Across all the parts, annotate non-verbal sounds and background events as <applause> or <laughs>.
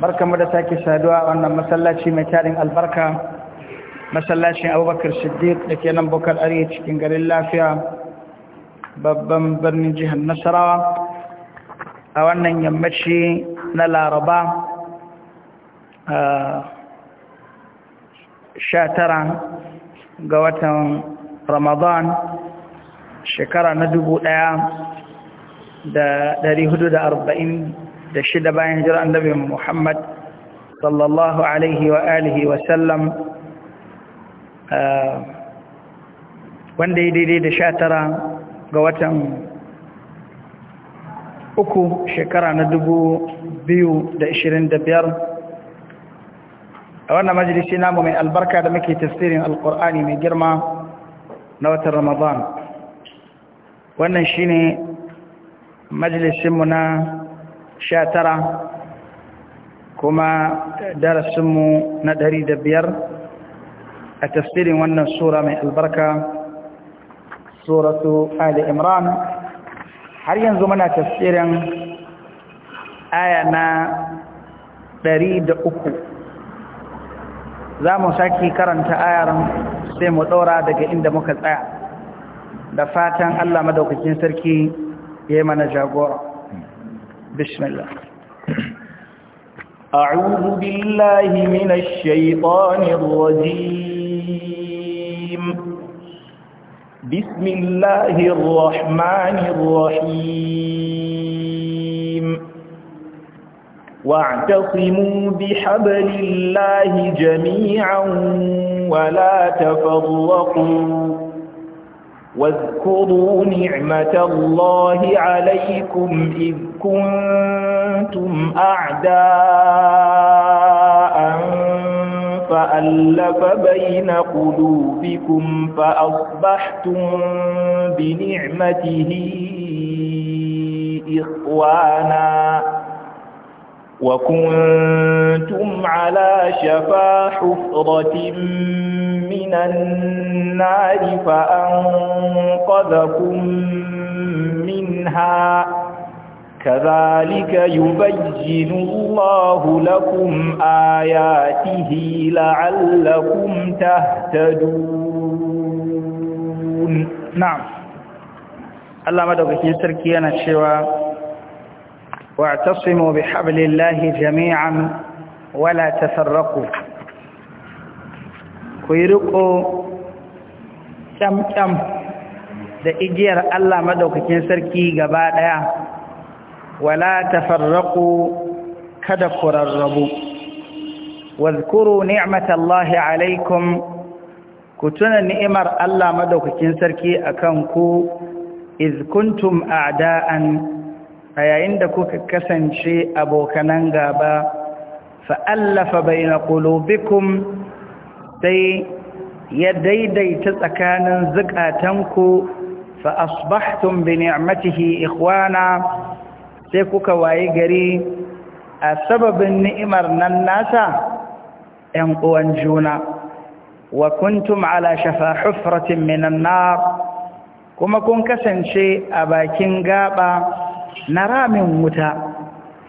barkamu da sake saduwa wannan masallaci mai tarin albarka masallacin abubakar shiddiq da ke nan bukar arewa cikin garin lafiya babban birnin jihar nasarawa a wannan yammaci na laraba sha tara ga watan ramadan shekara na dubu ɗaya da hudu da arba'in da shida bayan an annabi Muhammad sallallahu alaihi wa alihi wa sallam uh, wanda ya daidai da sha tara ga watan uku shekara na dubu biyu da ishirin da biyar a wannan majalisi namu mai albarka da muke tafsirin alkur'ani mai girma na watan ramadan wannan shine majalisinmu na sha tara kuma darasinmu na ɗari da biyar a tafsirin wannan sura mai albarka suratu ali imran har yanzu muna tafsirin aya na ɗari da uku za mu sake karanta ayar sai mu ɗora daga inda muka tsaya da fatan allah madaukakin sarki ya yi mana jagora بسم الله أعوذ بالله من الشيطان الرجيم بسم الله الرحمن الرحيم واعتصموا بحبل الله جميعا ولا تفرقوا واذكروا نعمة الله عليكم إذ كنتم أعداء فألف بين قلوبكم فأصبحتم بنعمته إخوانا وكنتم على شفا حفرة من النار فأنقذكم منها كذلك يبين الله لكم آياته لعلكم تهتدون نعم الله مدوك يسركي أنا الشوى واعتصموا بحبل الله جميعا ولا تفرقوا كيرقوا كم كم da igiyar Allah madaukakin sarki gaba daya wala tafarraqu kada ku rarrabu wadhkuru ni'matallahi alaikum ku tuna ni'imar Allah madaukakin sarki akan ku iz kuntum a'da'an a yayin da kuka kasance abokanan gaba fa'allafa baina qulubikum sai ya daidaita tsakanin zukatanku fa asbahtum bi ni'matihi ikhwana sai kuka wayi gari a sababin ni'imar nan nasa ‘yan uwan juna wa kuntum ala shafa hufratin minan nar kuma kun kasance a bakin gaba na ramin wuta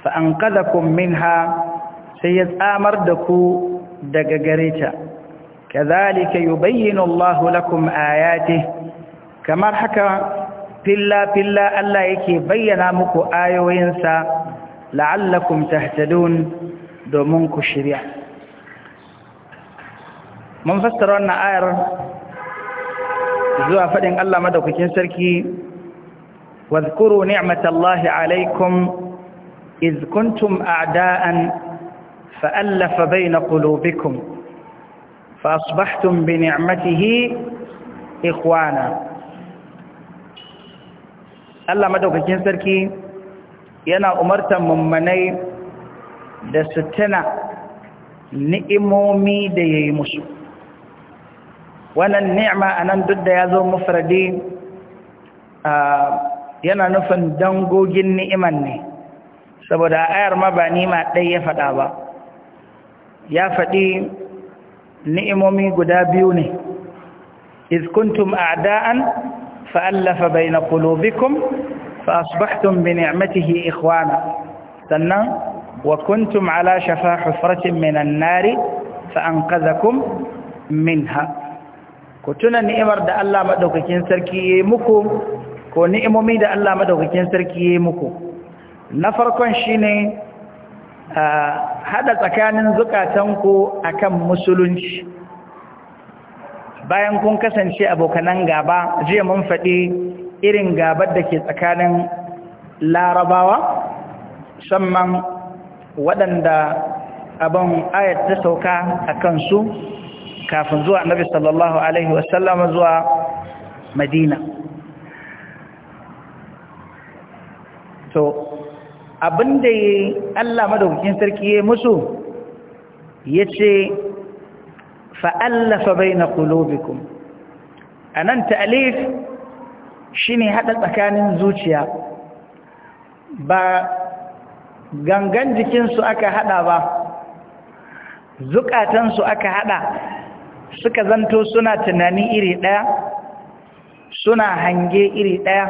fa'an ƙadakun minha sai ya tsamar da ku daga gareta kazalika yubayyinu Allahu lakum ayatihi kamar haka filla-filla Allah yake bayyana muku ayoyinsa la'allakum tahtadun domin ku shirya mun fassara wannan ayar zuwa fadin Allah madaukakin sarki واذكروا نعمة الله عليكم إذ كنتم أعداء فألف بين قلوبكم فأصبحتم بنعمته إخوانا Allah madaukakin sarki yana umartan mummanai da su tana ni'imomi da ya yi musu wannan ni'ima nan duk da ya zo mafaradi a yana nufin dangogin ni'iman ne saboda ayar ma ba nima ɗaya ya faɗa ba ya faɗi ni'imomi guda biyu ne iz a da'an. فألف بين قلوبكم فأصبحتم بنعمته إخوانا سنة وكنتم على شفا حفرة من النار فأنقذكم منها كتنا نئمر دا الله مدوك كنسر كيمكم كنئمومي دا الله مدوك كنسر كيمكم نفركم شيني آه، هذا آه زكاة تنكو أكم مسلونش bayan kun kasance abokanan gaba jiya mun faɗi irin gabar da ke tsakanin larabawa samman waɗanda abin ayat ta sauka a kansu kafin zuwa annabi sallallahu alaihi wasallam zuwa madina to abinda Allah madaukakin sarki ya musu ya ce fa'allafa A nan ta'alif, shi ne haɗa tsakanin zuciya ba gangan jikinsu aka haɗa ba zukatansu aka haɗa suka zanto suna tunani iri ɗaya, suna hange iri ɗaya,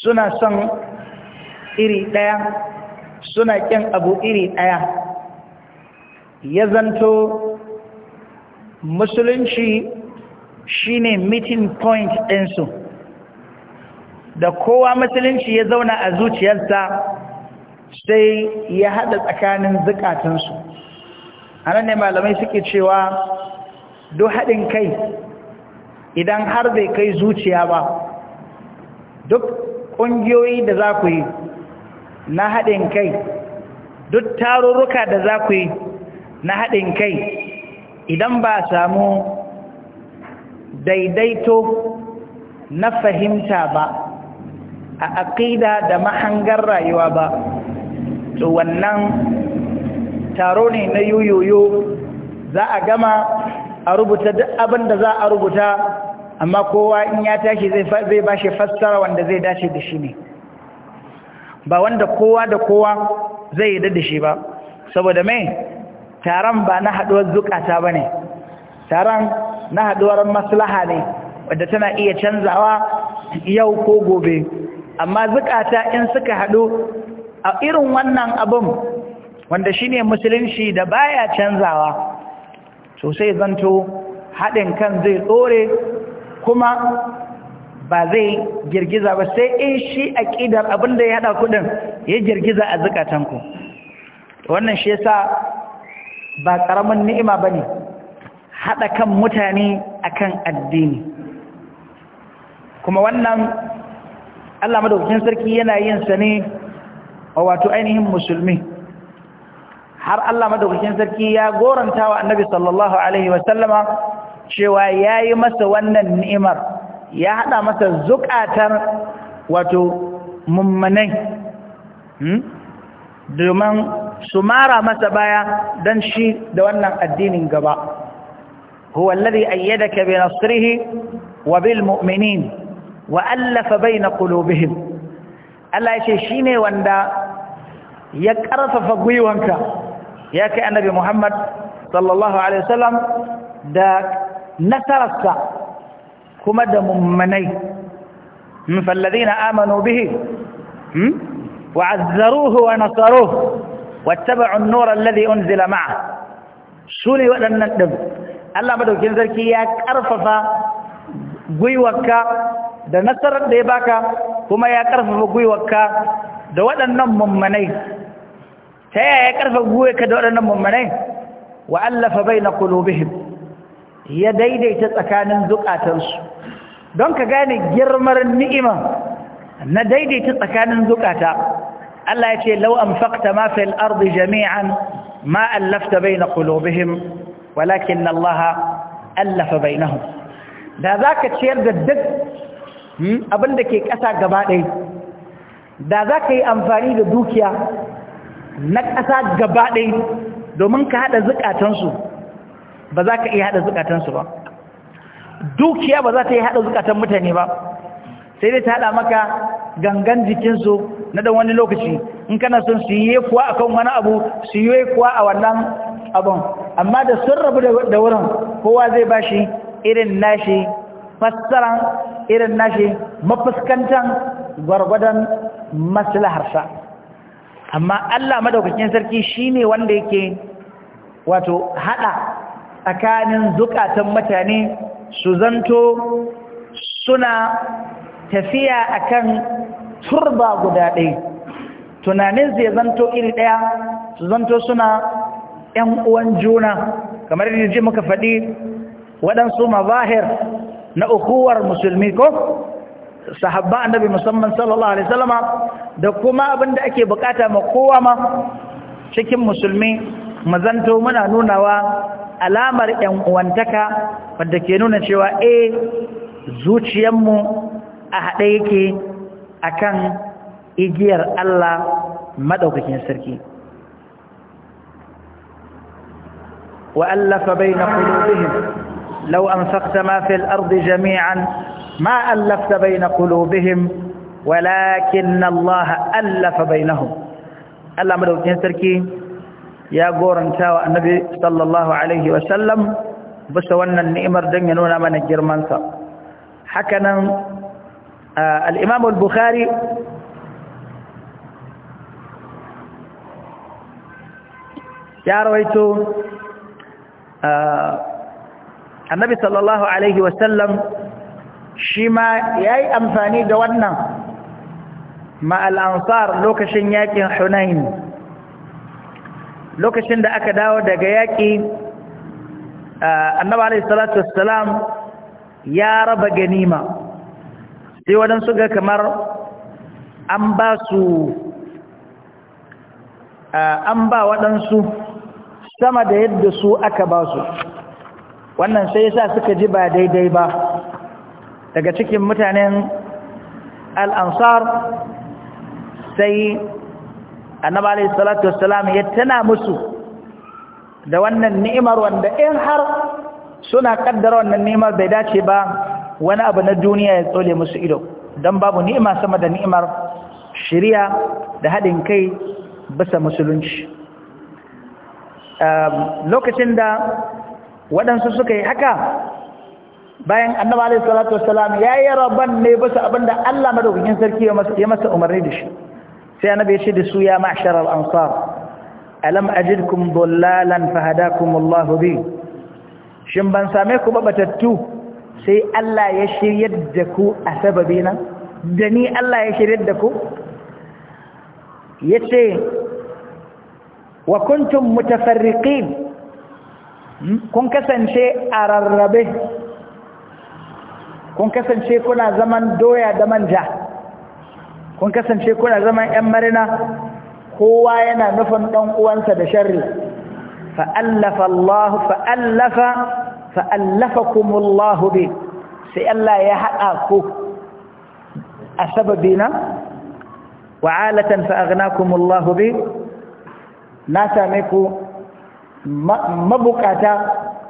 suna son iri ɗaya, suna ƙin abu iri ɗaya, ya zanto musulunci shi ne meeting point ɗinsu da kowa musulunci ya zauna a zuciyarsa sai ya haɗa tsakanin zukatansu a nan ne malamai suke cewa duk haɗin kai idan har bai kai zuciya ba duk ƙungiyoyi da za ku yi na haɗin kai duk tarurruka da za ku yi na haɗin kai idan ba samu daidaito na fahimta ba a aƙida da mahangar rayuwa ba to wannan taro ne na yoyoyo za a gama a rubuta duk abinda za a rubuta amma kowa in ya tashi zai ba shi fassara wanda zai dace da shi ne ba wanda kowa da kowa zai yi da shi ba saboda mai taron ba na haɗuwar zukata ba ne taron na haɗuwar maslaha ne wadda tana iya canzawa yau ko gobe amma zukata in suka haɗu a irin wannan abin wanda shi ne musulunci da baya canzawa sosai zanto haɗin kan zai tsore kuma ba zai girgiza ba sai in shi a aƙidar abinda ya haɗa kuɗin ya girgiza a zukatanku wannan shi ya sa. ba ƙaramin ni'ima ba ne haɗa kan mutane a kan addini kuma wannan Allah madaukakin sarki yana yin sa ne wato ainihin musulmi har Allah madaukakin sarki ya goranta wa annabi sallallahu alaihi wasallama cewa ya yi masa wannan ni'imar ya haɗa masa zukatar wato mummanai hmm? domin su mara masa baya don shi da wannan addinin gaba huwa alladhi ayyadaka bi nasrihi wa bil mu'minin wa allafa baina qulubihim Allah ya ce shine wanda ya karfafa gwiwanka ya kai annabi Muhammad sallallahu alaihi wasallam da nasararsa kuma da mummanai min falladhina amanu bihi wa azzaruhu wa nasaruhu واتبعوا النور الذي أنزل معه سوني ولن ندب الله مدوكين ذلكي يا كرففا gwiwarka da nasarar da ya baka kuma ya karfafa gwiwarka da waɗannan mummanai ta yaya ya karfafa gwiwarka da waɗannan mummanai wa allafa baina qulubihim ya daidaita tsakanin zukatansu don ka gane girmar ni'ima na daidaita tsakanin zukata Allah ya ce law anfaqta ma fil arzi jami'an ma allafta baina qulubihim walakin na Allah allafa bainahum da za ka ciyar da duk hmm, abinda ke ƙasa gaba ɗaya da ka yi amfani da dukiya na ƙasa gaba ɗaya domin ka haɗa zukatansu ba za ka iya haɗa zukatansu ba dukiya ba za ta yi haɗa zukatan mutane ba sai dai ta haɗa maka gangan jikinsu na dan wani lokaci in kana son su yi kuwa akan wani abu su yi kuwa a wannan abun amma da sun rabu da wurin kowa zai bashi irin nashi fassaran irin nashi mafuskantan gwargwadon maslaharsa amma Allah madaukakin sarki shine wanda yake wato haɗa tsakanin zukatan mutane su zanto suna tafiya akan turba guda ɗaya tunanin zai zanto iri ɗaya su zanto suna ‘yan uwan juna kamar yadda ji muka faɗi waɗansu mazahir na ukuwar musulmi ko sahabba annabi musamman sallallahu alaihi wasallama da kuma abin da ake bukata ma kowa ma cikin musulmi mazanto muna nunawa alamar ‘yan uwantaka wadda ke nuna cewa eh zuciyarmu a haɗe yake akan igiyar Allah madaukakin sarki وألف بين قلوبهم لو أنفقت ما في الأرض جميعا ما ألفت بين قلوبهم ولكن الله ألف بينهم الله مدوكين تركي يا غورن تاوى النبي صلى الله عليه وسلم بس وانا النئمر دنينونا من الجرمانسا حكنا al bukhari ya rawaito annabi sallallahu alaihi wasallam shi ma yayi amfani da wannan ma al-ansar lokacin yakin hunain lokacin da aka dawo daga yaki annabi alaihi salatu wassalam ya raba ganima sai waɗansu ga kamar an ba su an ba waɗansu sama da yadda su aka ba su wannan sai yasa suka ji ba daidai ba daga cikin mutanen al'ansar sai annaba alayhi salatu wassalam ya tana musu da wannan ni'imar wanda in har suna kaddara wannan ni'imar bai dace ba wani abu na duniya ya tsole musu ido don babu ni'ima sama da ni'imar shirya da haɗin kai bisa musulunci ehm, lokacin da waɗansu suka yi haka bayan annaba alaihi salatu ya yi rabon ne bisa abinda Allah madaukakin sarki ya masa umarni da shi sai annaba ya ce da su ya ma'asharar ansar alam ajidkum dhullalan fahadakum allahu bi shin ban same ku ba batattu sai Allah ya shiryar da ku a sababi na da ni Allah ya shiryar da ku yace wa kuntum mutafarriqin hmm? kun kasance a rarrabe kun kasance kuna zaman doya da manja kun kasance kuna zaman yan marina kowa yana nufin dan uwansa da sharri fa'allafa Allah fa'allafa fa'allafakumullahu bi sai Allah ya haɗa ku a sababina wa'alatan fa'agnakumullahu bi na same ku mabukata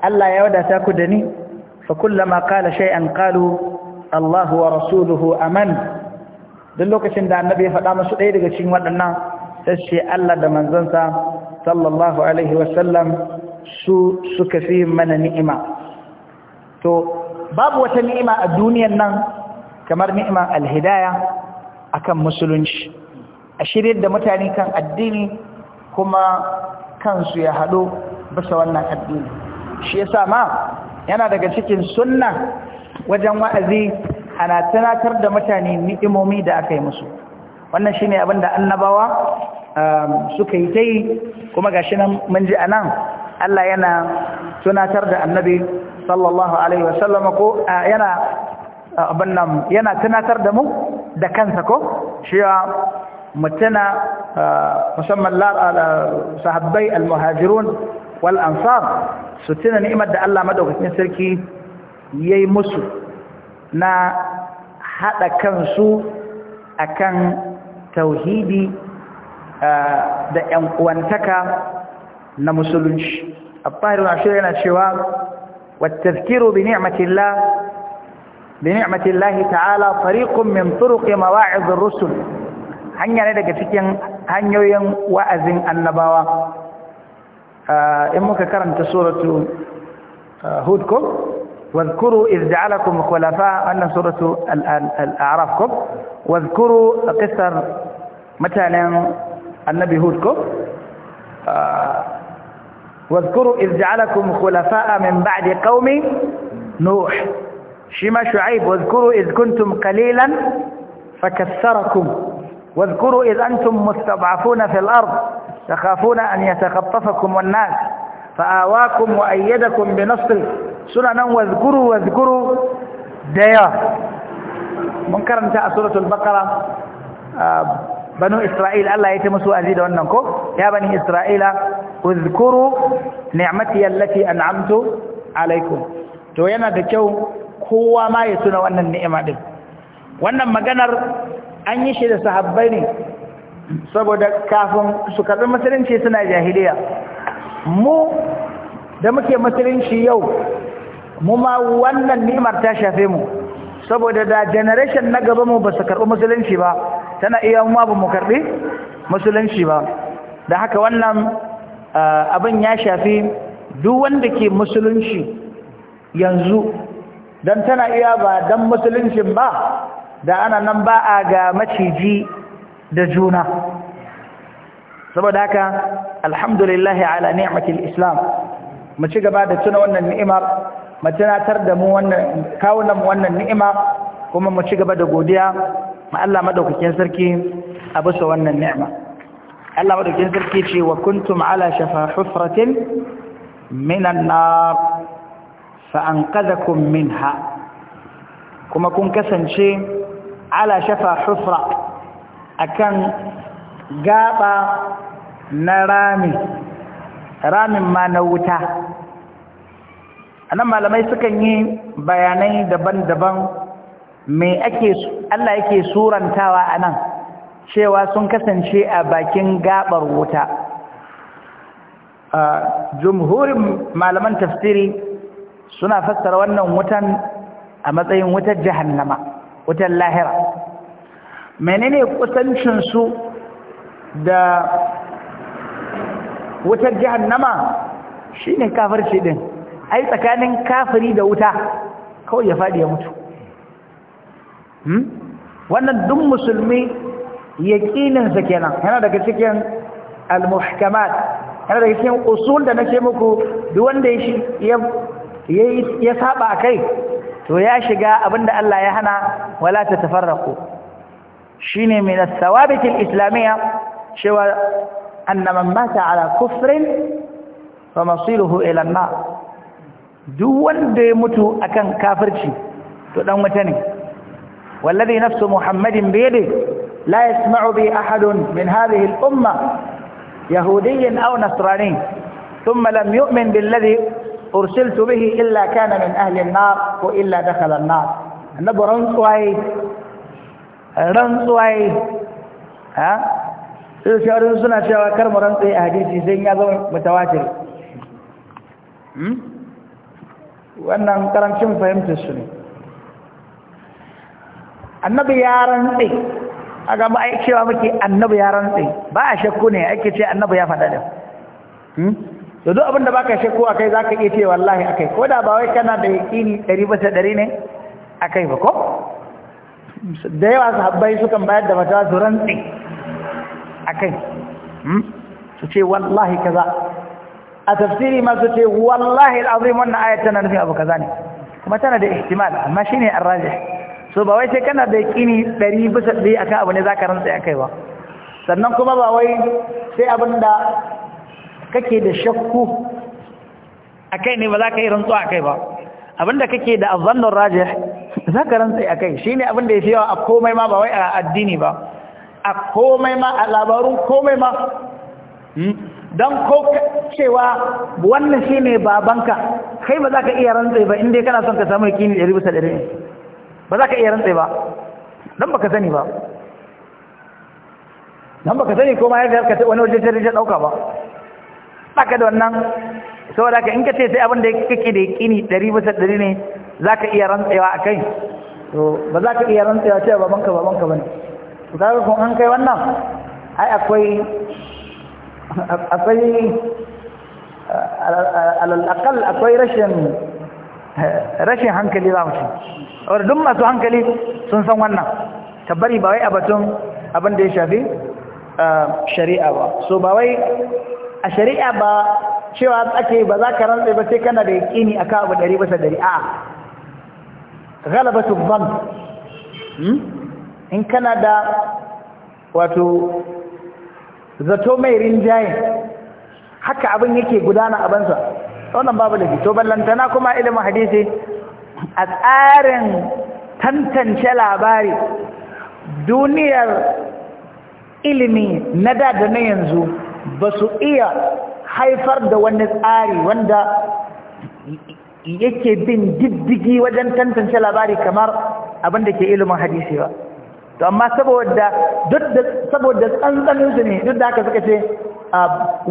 Allah ya wadata ku da ni fa kullama shai an kalu Allah wa rasuluhu aman duk lokacin da annabi ya faɗa musu ɗaya daga cikin waɗannan sai Allah da manzansa sallallahu alaihi wasallam su suka fi mana ni'ima to babu wata ni'ima a duniyan nan kamar ni'imar alhidaya akan musulunci a shirye da mutane kan addini kuma kansu ya haɗo bisa wannan addini shi yasa ma yana daga cikin sunna wajen wa'azi ana tunatar da mutane ni'imomi da aka yi musu wannan shine abin da annabawa um, suka yi ta yi kuma gashi nan mun ji anan Allah yana tunatar da annabi sallallahu alaihi wasallam ko yana abin nan yana tunatar da mu da kansa ko cewa mutuna musamman sahabbai almuhajirun wal ansar su tuna ni'imar da Allah madaukakin sarki yayi musu na hada kansu akan tauhidi da ƴan uwantaka na musulunci الطاهر العشرين الشوار والتذكير بنعمة الله بنعمة الله تعالى طريق من طرق مواعظ الرسل هنيا ne daga cikin ين wa'azin annabawa in كرمت سورة آه، هودكم واذكروا إذ جعلكم خلفاء أن سورة الأعراف واذكروا قصر مثلا نعم؟ النبي هودكم آه، واذكروا إذ جعلكم خلفاء من بعد قوم نوح شما شعيب واذكروا إذ كنتم قليلا فكثركم واذكروا إذ أنتم مستضعفون في الأرض تخافون أن يتخطفكم الناس فآواكم وأيدكم بنصره سننا واذكروا واذكروا ديار من كرمتها سورة البقرة آه، banu isra'ila Allah ya ce musu azi da wannan ko ya bani isra'ila uzkuru ni'mati allati an'amtu alaikum to yana da kyau kowa ma ya tuna wannan ni'ima din wannan maganar an yi shi da sahabbai ne saboda kafin su karɓi musulunci suna jahiliya mu da muke musulunci yau mu ma wannan ni'imar ta shafe mu saboda da generation na gaba mu ba su karɓi musulunci ba tana iya ma ba mu karɓi musulunci ba da haka wannan abin ya shafi duk wanda ke musulunci yanzu don tana iya ba dan musuluncin ba da ana nan ba a ga maciji da juna saboda haka alhamdulillah ala ni'matil islam mu ci gaba da tuna wannan ni'imar mu tunatar da mu wannan kawunan wannan ni'ima kuma mu ci gaba da godiya ma Allah madaukakin sarki a bisa wannan ni'ima Allah madaukakin sarki ce wa kuntum ala shafa hufratin minan nar fa anqadhakum minha kuma kun kasance ala shafa hufra akan gaba na rami ramin ma na wuta anan malamai sukan yi bayanai daban-daban me ake Allah yake surantawa anan cewa sun kasance a bakin gabar wuta jumhurin malaman tafsiri suna fassara wannan wutan a matsayin wutar jahannama wutar lahira menene kusancin su da wutar jahannama shine kafirci din ai tsakanin kafiri da wuta kawai ya fadi ya mutu Hmm? wannan duk musulmi sa kenan yana daga cikin al-muhkamat yana daga cikin usul da nake muku duk wanda ya ya saba kai to ya shiga abinda Allah ya hana wala tatafarraqu shine min al-thawabit al-islamiyya cewa anna man mata ala kufrin fa masiruhu ila an-nar duk wanda ya mutu akan kafirci to dan wuta ne والذي نفس محمد بيده لا يسمع بي أحد من هذه الأمة يهودي أو نصراني ثم لم يؤمن بالذي أرسلت به إلا كان من أهل النار وإلا دخل النار النبو رنسوي رنسوي ها sai suna cewa كرم mu rantsaye زين hadisi متواتر ya zama شم فهمت karancin annabi ya rantse a gama ai cewa muke annabi ya rantse ba a shakku ne ake ce annabi ya faɗa hmm? da da duk abinda ba baka shakku akai zaka iya ce wallahi akai ko da ba wai kana da yaqini ɗari bisa ɗari ne akai ba ko da yawa su sahabbai sukan bayar da mata su rantse kai, hmm? su ce wallahi kaza a tafsiri ma su ce wallahi al'azim wannan ayat tana nufin abu kaza ne kuma tana da ihtimal amma shine arrajih so ba wai sai kana da yaƙini ɗari bisa ɗari akan abu ne za ka rantsa ya kai ba sannan kuma ba wai sai abin da kake da shakku a kai ne ba za ka yi rantsuwa a kai ba abin da kake da azannin rajih za ka rantsa a kai shi ne abin da ya fi yawa a komai ma ba wai a addini ba a komai ma a labarun komai ma hmm? don ko cewa wannan shi ne babanka kai ba za ka iya rantsai ba inda kana son ka samu yakini 100% ba za ka iya rantse ba don baka sani ba don baka sani ko ma yadda ka wani wajen jirgin ɗauka ba baka da wannan saboda ka in ka ce sai abin da kake da yakini ɗari bisa ɗari ne za ka iya rantsewa a kai to ba za ka iya rantsewa cewa babanka babanka ba ne to ka ga kun an kai wannan ai akwai akwai alal akal akwai rashin rashin hankali za mu ci wadda duk masu hankali sun san wannan bari ba wai abatun abin da ya shafi shari'a ba so ba wai a shari'a ba cewa ake ba za ka rantsa ba sai kana da yaƙini a kawo ɗari bisa ɗari a galabatu ban hmm? in kana da wato zato mai rinjaye haka abin yake gudana a bansa wannan babu da fito ballantana kuma ilimin hadisi a tsarin tantance labari duniyar ilimi na da da na yanzu ba su iya haifar da wani tsari wanda yake bin diddigi wajen tantance labari kamar abinda ke ilimin hadisi ba to amma saboda duk da saboda tsantsan su ne duk da haka suka ce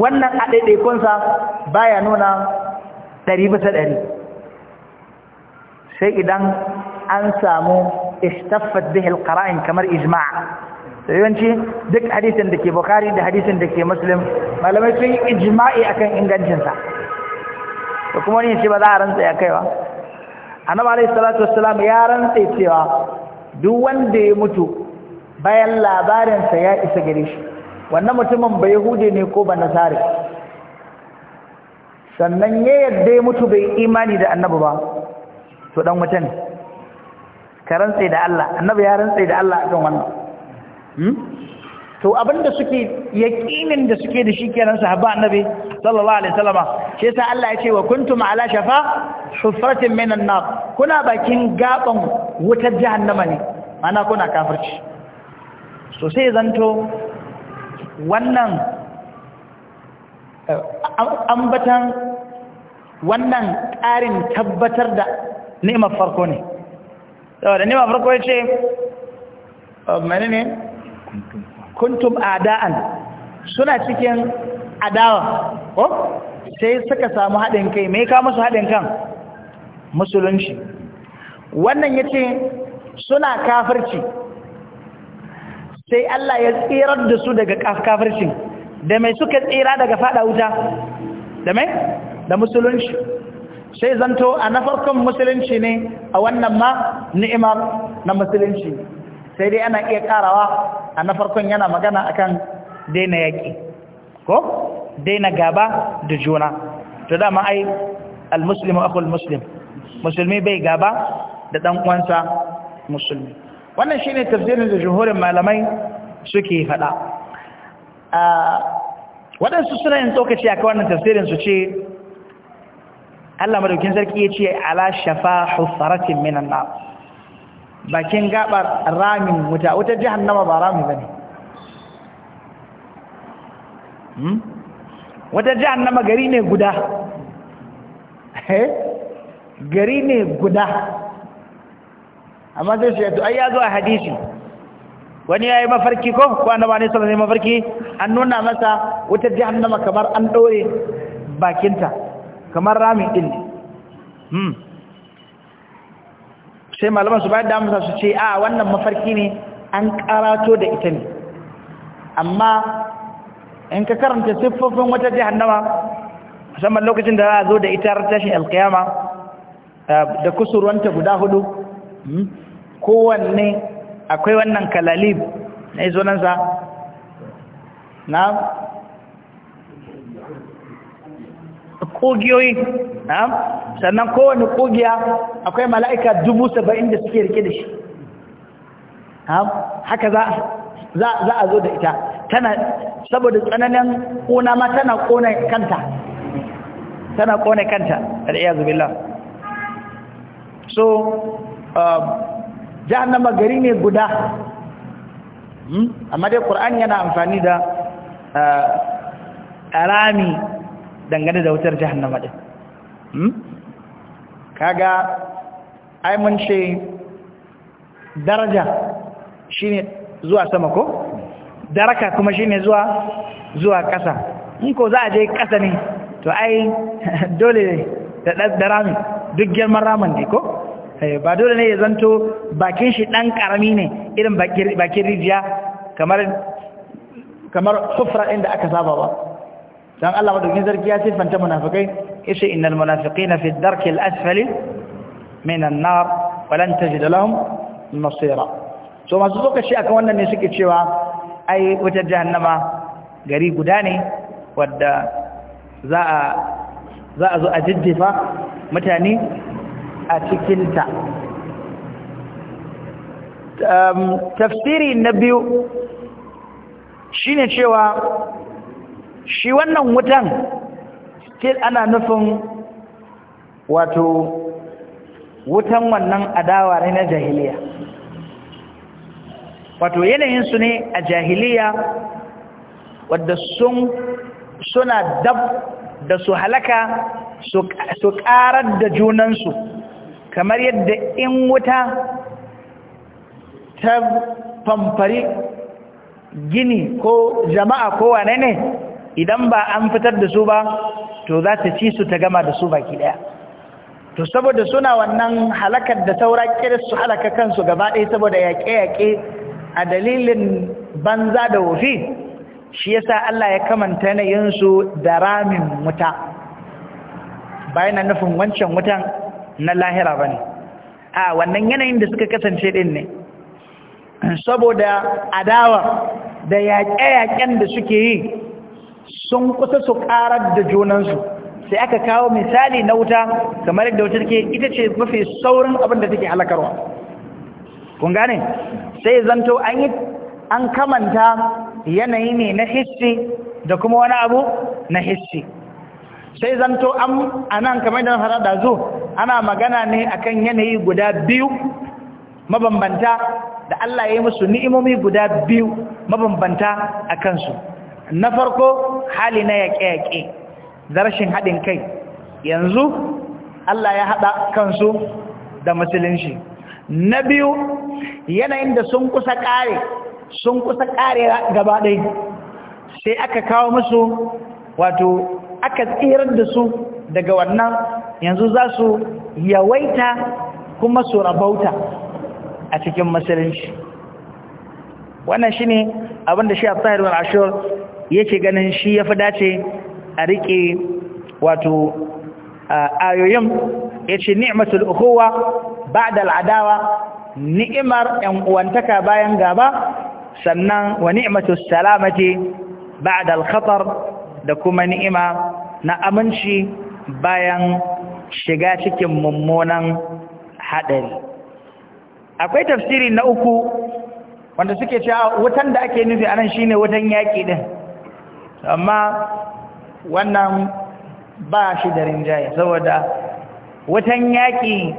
wannan a ɗaiɗaikunsa baya nuna ɗari bisa ɗari sai idan an samu istaffat bihil qara'in kamar ijma' yawanci duk hadisin da ke bukari da hadisin da ke muslim malamai sun yi ijma'i akan ingancinsa da kuma wani ce ba za a rantsa ya kaiwa annabi alayhi salatu wassalam ya rantsa cewa duk wanda ya mutu bayan labarinsa ya isa gare shi wannan mutumin ba yahudi ne ko ba nasari. sannan ya yadda ya mutu bai imani da annabi ba to dan wuta ne ka rantse da Allah annabi ya rantse da Allah akan wannan hmm? to abinda suke yaqinin da suke da shi kenan sahaba annabi sallallahu alaihi wasallam shi yasa Allah ya ce wa kuntum ala shafa hufratin minan nar kuna bakin gaban wutar jahannama ne Mana kuna kafirci so sai zanto wannan ambatan wannan ƙarin tabbatar da ni'imar farko ne Da ni'imar farko ya ce oh, mani ne kuntum ada'an suna cikin adawa ko sai suka samu haɗin kai mai ka musu haɗin kan musulunci wannan ya ce suna kafirci sai Allah ya tsirar da su daga kafircin da mai suka tsira daga fada wuta da mai da musulunci sai zanto a na farkon musulunci ne a wannan ma ni'imar na musulunci sai dai ana iya karawa a na farkon yana magana akan daina yaƙi ko daina gaba da juna to dama ai al-muslimu almuslimu akhul muslim musulmi bai gaba da dan uwansa musulmi wannan shine tafsirin da jumhurin malamai suke faɗa waɗansu suna yin tsokaci a kawannan tafsirin su ce Allah madaukin sarki ya ce ala shafa husaratin minan na bakin gabar ramin wuta wuta nama ba rami ne. Hmm? wata jahannama gari ne guda eh? gari ne guda amma zai shi to ai ya zo a hadisi wani ya yi mafarki ko ko annaba ne sallallahu mafarki an nuna masa wutar jahannama kamar an ɗaure bakinta kamar ramin din hmm sai malaman su bayar da amsa su ce a wannan mafarki ne an karato da ita ne amma in ka karanta siffofin wata jahannama musamman lokacin da za a zo da ita har tashin alkiyama eh, da kusurwanta guda hudu hmm, kowanne akwai wannan kalalib na yi zonansa na kogiyoyi na sannan kowane kogiya akwai mala'ika dubu saba'in da suke rike da shi haka za a zo da ita tana saboda tsananin ƙuna ma tana ƙona kanta tana ƙona kanta da iya zubila so um, jahannama gari ne guda hmm? amma dai ƙur'ani yana amfani da eh, rami dangane da wutar jahannama ɗin hmm? kaga ai mun ce daraja shine zuwa sama ko daraka kuma shine zuwa zuwa ƙasa in ko za a je ƙasa ne to ai <laughs> dole da rami duk girman ramin ne ko Eh, ba dole ne ya zanto bakin shi ɗan ƙarami ne irin bakin rijiya kamar kufra ɗin da aka saba ba don Allah maɗaukin zarki ya siffanta munafikai ishe innal munafiqina fi darkil asfali minan nar da tajid lahum nasira so masu lokaci akan wannan ne suke cewa ai wutar jahannama gari guda ne wadda za a zo a jijjifa mutane a cikinta um, tafsiri na biyu shine cewa shi wannan wutan still ana nufin wato wutan wannan adawa ne na jahiliya wato yanayinsu ne a jahiliya wadda sun suna dab da su halaka su karar da junansu kamar yadda in wuta ta famfari gini ko jama'a ko wane ne idan ba an fitar da su ba to za ta ci su ta gama da su baki daya to saboda suna wannan halakar da taura kiris su halaka kansu gaba ɗaya saboda yaƙe-yaƙe a dalilin banza da wofi shi yasa Allah ya kamanta yanayinsu da ramin wuta bayan nufin wancan wutan na lahira ba ne a wannan yanayin da suka kasance ɗin ne saboda adawa da yaƙe-yaƙen da suke yi sun kusa su ƙarar da junansu sai aka kawo misali na wuta kamar yadda wuta take ita ce mafi saurin abin da take halakarwa kun gane sai zanto an yi an kamanta yanayi ne na hissi da kuma wani abu na hissi sai zanto am anan kamar da fara da zo ana magana ne akan yanayi guda biyu mabambanta da Allah ya yi musu ni'imomi guda biyu mabambanta a kansu na farko hali na yaƙe-yaƙe da rashin haɗin kai yanzu Allah ya haɗa kansu da musulunci na biyu yanayin da sun kusa ƙare sun kusa ƙare gaba ɗai sai aka kawo musu wato aka tsirar da su daga wannan yanzu za su yawaita kuma su rabauta a cikin musulunci wannan shine abin da shi a tsahirin ashur yake ganin shi ya fi dace a riƙe wato ayoyin ya ce ni'matul uhuwa ba da al'adawa ni'imar uwantaka bayan gaba sannan wa ni'matul salamati ba da al-khatar da kuma ni'ima na aminci bayan shiga cikin mummunan haɗari akwai tafsiri na uku wanda suke cewa wutan da ake nufi anan shine wutan yaƙi din amma wannan ba shi da rinjaye saboda wutan yaƙi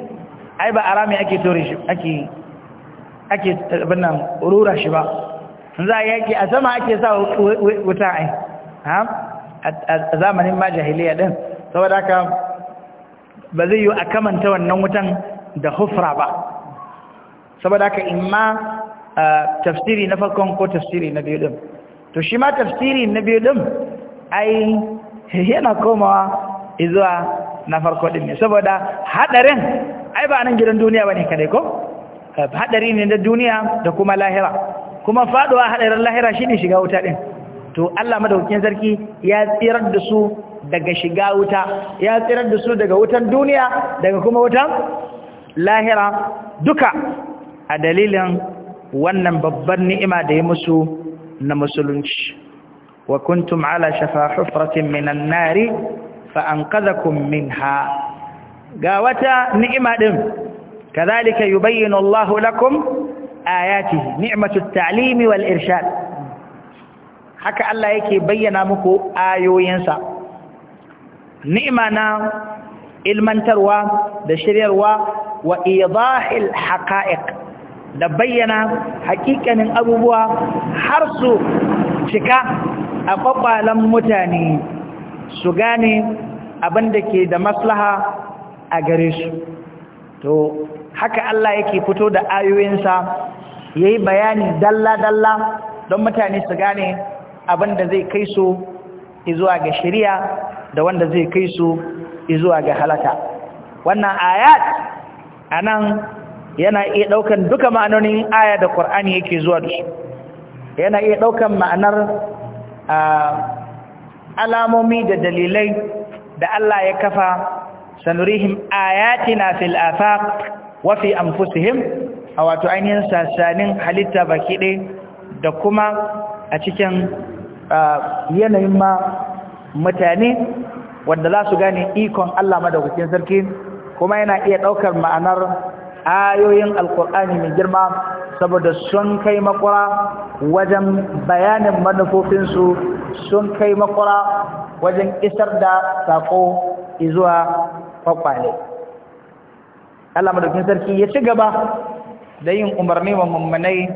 ai ba arami ake tore shi ake ake rura shi ba za a yaƙi a sama ake sa wuta ai ha a zamanin ma jahiliya ɗin saboda haka ba zai yi a kamanta wannan wutan da hufra ba saboda haka in ma tafsiri na farkon ko tafsiri na biyu ɗin to shi ma tafsiri na biyu ɗin ai yana komawa izuwa na farko ɗin ne saboda haɗarin ai ba nan gidan duniya ba ne kadai ko haɗari ne na duniya da kuma lahira kuma faɗuwa haɗarin lahira shi ne shiga wuta ɗin. to Allah madaukakin sarki ya tsirar da su daga shiga wuta ya tsirar da su daga wutan duniya daga kuma wutan lahira duka a dalilin wannan babbar ni'ima da ya musu na musulunci wa kuntum ala shafa hufratin minan nari fa anqadhakum minha ga wata ni'ima din kazalika yubayyinu Allahu lakum ayati ni'matu at-ta'limi wal irshad haka Allah yake bayyana muku ayoyinsa ni'ima na ilmantarwa da shiryarwa wa idahil haqa'iq da bayyana hakikanin abubuwa har su cika a kwakwalan mutane su gane abin da ke da maslaha a gare su to haka Allah yake fito da ayoyinsa yayi bayani dalla-dalla don mutane su gane abin da zai kai su zuwa ga shari'a da wanda zai kai su zuwa ga halaka wannan ayat anan yana iya daukan duka ma'anonin aya da Qur'ani yake zuwa da shi yana iya ɗaukan ma'anar alamomi da dalilai da Allah ya kafa sanurihim ayatina fil afaq wa fi anfusihim a wato ainihin sassanin halitta baki ɗaya da kuma a cikin yanayin ma mutane wanda za su gane ikon Allah madaukakin sarki kuma yana iya ɗaukar ma'anar ayoyin alkur'ani mai girma saboda sun kai makura wajen bayanin manufofinsu sun kai makura wajen isar da sako izuwa kwakwale Allah madaukakin sarki ya ci gaba da yin umarni wa mummunai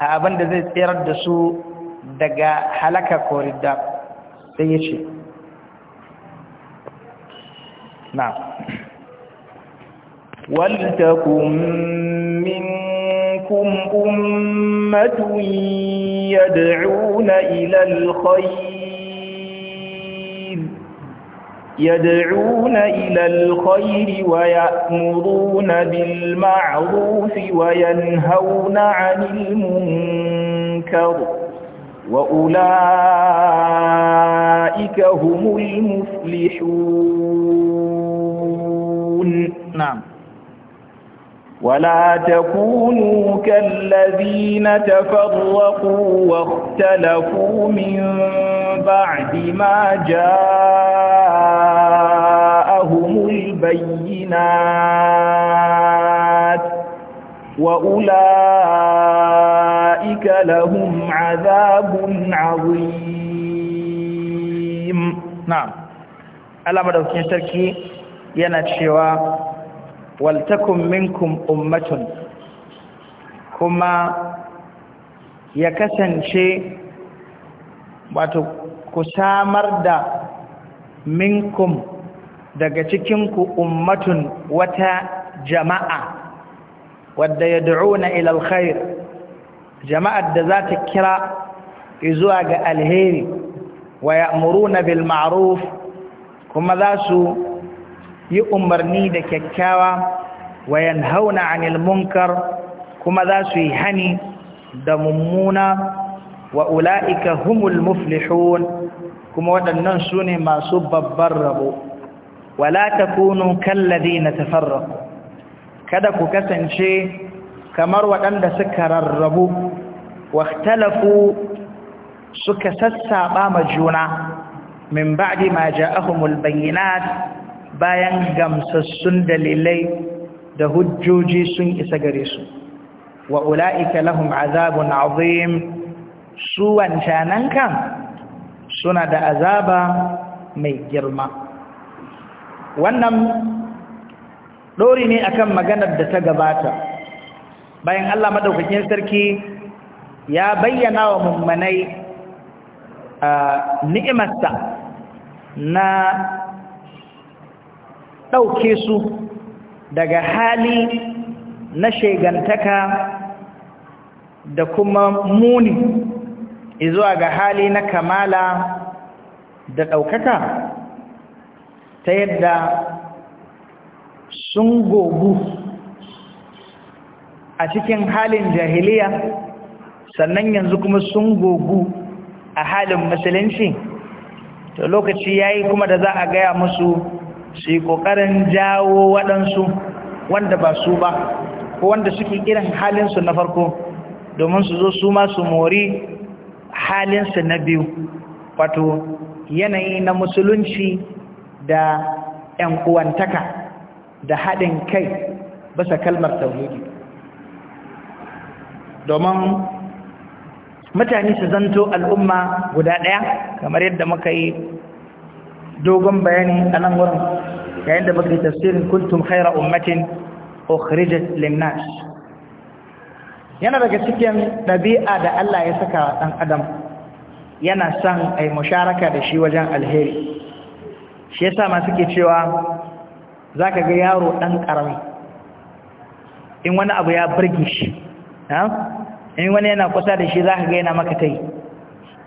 a abin da zai tsirar da su دغا حلكه كوريدا تيشي نعم ولتكن منكم أمة يدعون إلى الخير يدعون إلى الخير ويأمرون بالمعروف وينهون عن المنكر وأولئك هم المفلحون نعم ولا تكونوا كالذين تفرقوا واختلفوا من بعد ما جاءهم البينات وأولئك لهم عذاب عظيم نعم ألا مدى في تركي ينتشوا ولتكن منكم أمة كما يكسن شيء وتكسامر دا منكم da minkum daga cikinku ummatun wata jama'a wadda ya du'una ila alkhair jama'ar da za ta kira zuwa ga alheri wa ya'muruna bil ma'ruf kuma za su yi umarni da kyakkyawa wa yanhauna 'anil munkar kuma za su yi hani da mummuna wa ula'ika humul muflihun kuma waɗannan su ne masu babbar rabo wa la takunu kalladhina tafarraqu kada ku kasance kamar waɗanda suka rarrabu waktalafu suka sassaɓa ma juna min ba'di ma ja'ahumul bayyinat bayan gamsassun dalilai da hujjoji sun isa gare su wa ula'ika lahum azabun azim su wancanan kan suna da azaba mai girma wannan ɗori ne akan maganar da ta gabata bayan Allah madaukakin sarki ya bayyana wa mummanai ni'imarsa na ɗauke su daga hali na shegantaka da kuma muni zuwa ga hali na kamala da ɗaukaka ta yadda sun gogu a cikin halin jahiliya sannan yanzu kuma sun gogu a halin musulunci to lokaci yayi kuma da za a gaya musu su yi ƙoƙarin jawo waɗansu wanda ba su ba ko wanda suke irin halinsu na farko domin su zo su ma su mori halinsu na biyu wato yanayi na musulunci da ‘yan uwantaka da haɗin kai basa kalmar tauhidi domin mutane su zanto al'umma guda ɗaya kamar yadda muka yi dogon bayani a nan wurin yayin da muka yi tafsirin kuntum khaira ummatin ukhrijat linnas yana daga cikin ɗabi'a da Allah ya saka wa ɗan adam yana son ai musharaka da shi wajen alheri shi yasa ma suke cewa za ka ga yaro ɗan ƙarami in wani abu ya birge shi in wani yana kusa da shi za ka ga yana maka ta yi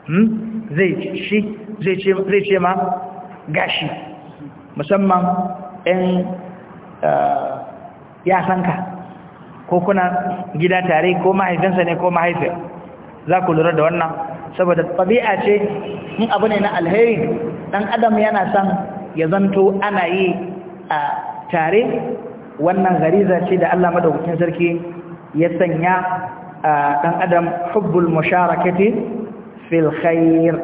hmm? zai ce ma gashi musamman ɗan eh, ya sanka ko kuna gida tare ko mahaifinsa ne ko mahaifiyar za ku lura da wannan saboda ɗabi'a ce in abu ne na alheri ɗan adam yana san ya zanto ana yi a tare wannan gariza ce da Allah madaukakin sarki ya sanya dan adam hubbul musharakati fil khair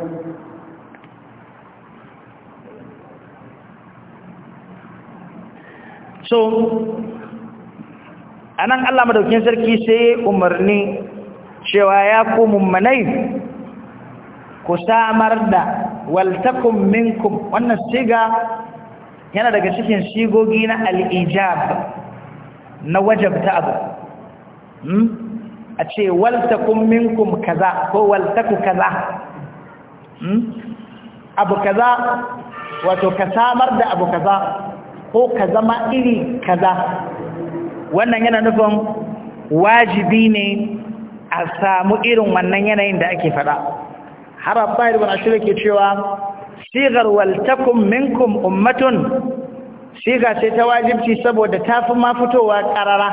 so anan Allah madaukakin sarki sai umarni cewa ya ku mummanai ku samar da waltakum minkum wannan siga yana daga cikin shigogi na al'ijab na wajabta abu hmm? a ce waltakun minkum kaza ko waltaku kaza hmm? abu kaza wato ka samar da abu kaza ko ka zama iri kaza wannan yana nufin wajibi ne a samu irin wannan yanayin da ake fada har abba wani ashir ke cewa sigar waltakum minkum ummatun siga sai ta wajibci saboda ta fi ma fitowa ƙarara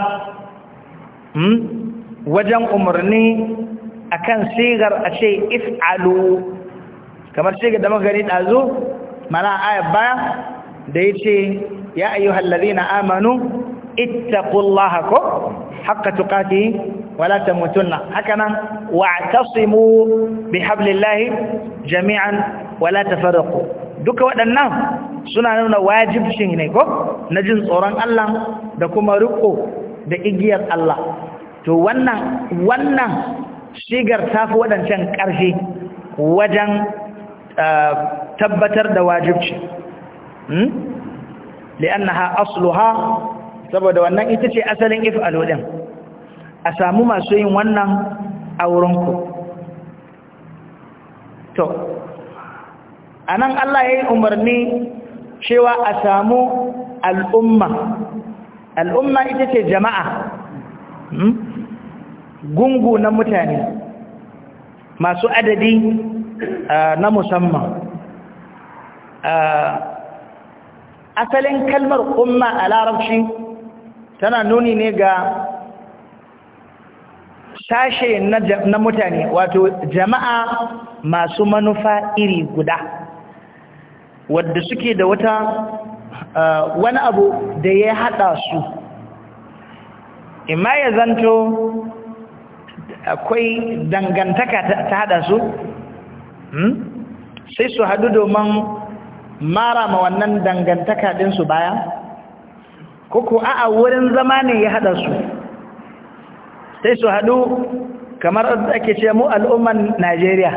hmm? wajen umarni akan sigar a ce if'alu kamar sigar da muka gani ɗazu mana ayar baya da yace ya ayyuhal ladina amanu ittaqullaha ko haqqa tuqati wala tamutunna hakanan wa'tasimu bihablillahi jami'an wala tafarraqu duka waɗannan suna nuna wajibcin ne ko na jin tsoron Allah da kuma riko da igiyar Allah to wannan wannan shigar tafi waɗancan ƙarfi wajen eh, tabbatar da wajibci hmm? li'annaha asluha saboda wannan ita ce asalin ifalo din a samu masu yin wannan a to a nan Allah ya yi umarni cewa a samu al'umma al'umma ita ce jama'a hmm? gungu na mutane masu adadi na musamman asalin kalmar umma a larabci tana nuni ne ga sashe na mutane wato jama'a masu manufa iri guda wadda suke da wata wani abu da ya haɗa su imma ya zanto akwai dangantaka ta haɗa su hmm? sai su haɗu domin mara ma wannan dangantaka ɗinsu baya Ko ko a'a wurin zama ne ya haɗa su sai su haɗu kamar ake ce mu al'umman najeriya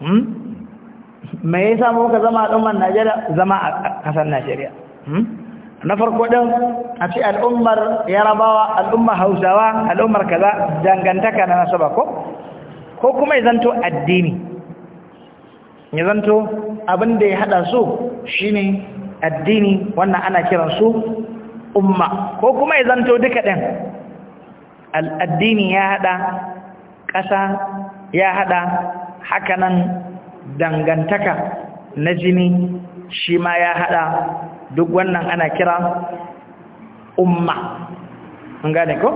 hmm? me ya samu ka zama al'ummar Najeriya zama a kasar Najeriya hmm? na farko din a ce al'ummar Yarabawa al'ummar Hausawa al'ummar kaza dangantaka na nasaba ko ko kuma ya zanto addini ya zanto abin da ya hada su shine addini wannan ana kiran su umma ko kuma ya zanto duka din al'addini ya hada ƙasa ya hada hakanan dangantaka na jini shi ma ya haɗa duk wannan ana kira umma an gane ko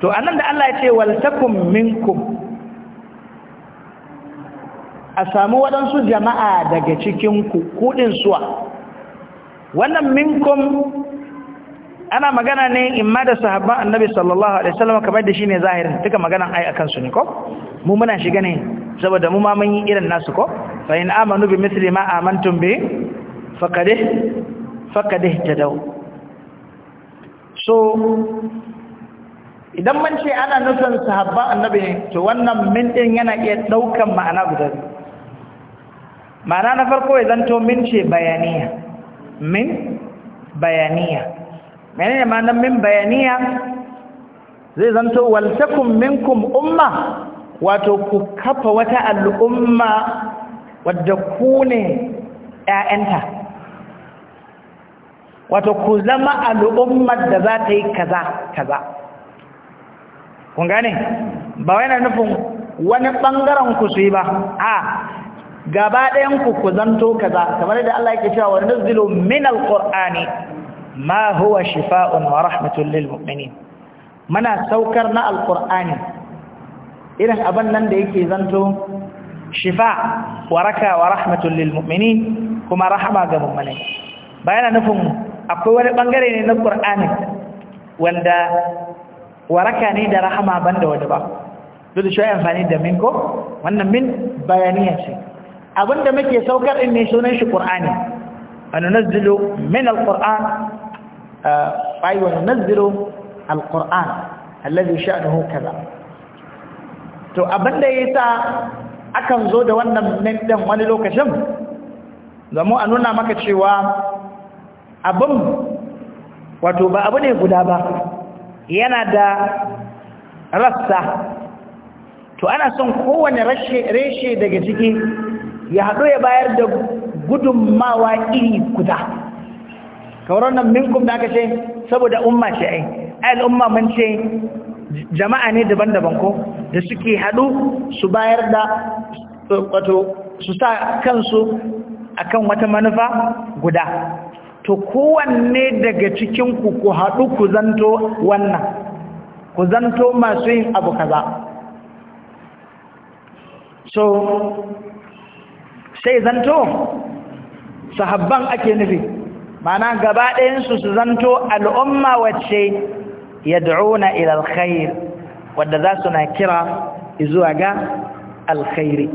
to anan da Allah ya ce takum minkum a samu waɗansu jama'a daga ku kuɗin suwa wannan minkum ana magana ne in ma da sahabban annabi sallallahu alaihi wasallam kamar da shine zahirin duka magana ai akan su ne ko mu muna shiga ne saboda mu ma mun yi irin nasu ko fa in amanu bi misli ma amantum bi faqad faqad tadaw so idan mun ce ana nufin sahabban annabi to wannan min din yana iya daukan ma'ana guda ma'ana na farko idan to min ce bayaniya min bayaniya menene ma'anar min bayaniya zai zanto waltakum minkum umma wato ku kafa wata al'umma wadda ku ne ƴaƴanta wato ku zama al'ummar da za ta yi kaza kaza kun gane ba wai na nufin wani bangaren ku su yi ba a gaba ɗayan ku ku zanto kaza kamar da Allah yake cewa wani zilu min al-Qur'ani ma huwa shifa'un wa rahmatul lil mu'minin saukar na alqur'ani irin abin nan da yake zanto shifa waraka wa lil mu'minin kuma ga bayan nufin akwai wani bangare ne na qur'ani wanda waraka ne da rahama banda wanda ba duk da shi amfani da min ko wannan min bayaniya ce abinda muke saukar in ne sunan shi qur'ani an min alquran أي وننزل القرآن الذي شأنه كذا to abin da ya sa akan zo da wannan ɗin wani lokacin zamo a nuna maka cewa abin wato ba abu ne guda ba yana da rassa to ana son kowane reshe daga ciki ya haɗu ya bayar da gudunmawa iri guda sauran nan minkum da aka ce saboda umma ce ai al'umma mun ce jama'a ne daban-daban ko da suke haɗu su bayar da wato su sa kansu akan wata manufa guda to kowanne daga cikin ku ku haɗu ku zanto wannan ku zanto masu yin abu kaza so sai zanto sahabban ake nufi Ma'ana gaba ɗayansu su zanto al'umma wacce yad'una ila alkhair wadda za su na kira zuwa ga alkhairi